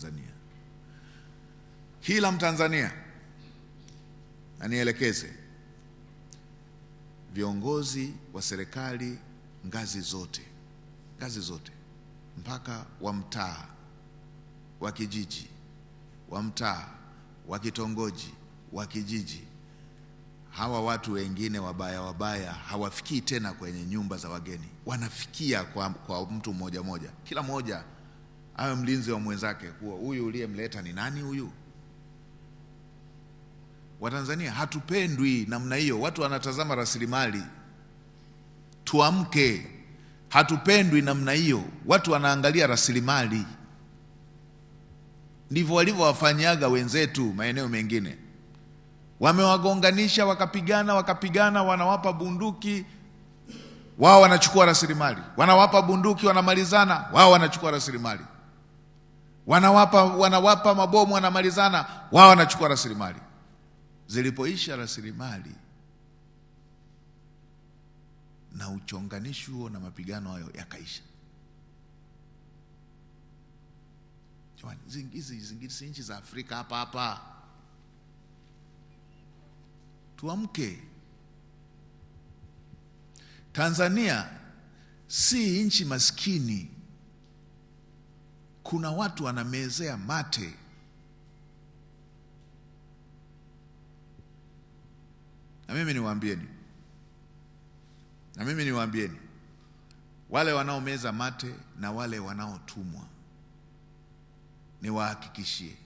Tanzania. Kila Mtanzania anielekeze viongozi wa serikali ngazi zote, ngazi zote, mpaka wa mtaa, wa kijiji, wa mtaa, wa kitongoji, wa kijiji. Hawa watu wengine wabaya wabaya hawafikii tena kwenye nyumba za wageni, wanafikia kwa, kwa mtu mmoja mmoja, kila mmoja awe mlinzi wa mwenzake, kuwa huyu uliyemleta ni nani huyu. Watanzania hatupendwi namna hiyo, watu wanatazama rasilimali. Tuamke, hatupendwi namna hiyo, watu wanaangalia rasilimali. Ndivyo walivyowafanyaga wenzetu maeneo mengine, wamewagonganisha wakapigana, wakapigana, wanawapa bunduki wao wanachukua rasilimali, wanawapa bunduki, wanamalizana, wao wanachukua rasilimali wanawapa, wanawapa mabomu, wanamalizana, wao wanachukua rasilimali. Zilipoisha rasilimali na uchonganishi huo na mapigano hayo yakaisha. Jamani, zingine si nchi za Afrika hapa hapa. Tuamke. Tanzania si nchi maskini kuna watu wanamezea mate na mimi niwaambieni, na mimi niwaambieni, wale wanaomeza mate na wale wanaotumwa, niwahakikishie,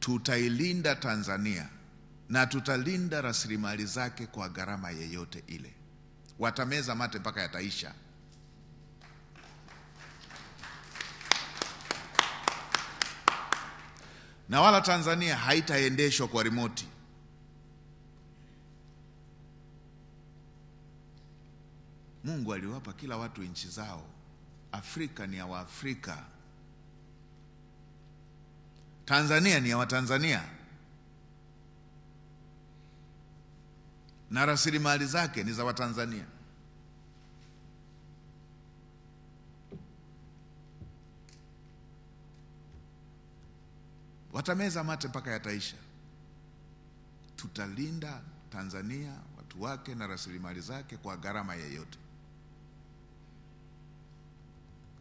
tutailinda Tanzania na tutalinda rasilimali zake kwa gharama yeyote ile. Watameza mate mpaka yataisha. na wala Tanzania haitaendeshwa kwa rimoti. Mungu aliwapa kila watu nchi zao. Afrika ni ya Waafrika, Tanzania ni ya Watanzania na rasilimali zake ni za Watanzania. watameza mate mpaka yataisha. Tutalinda Tanzania, watu wake na rasilimali zake kwa gharama yeyote.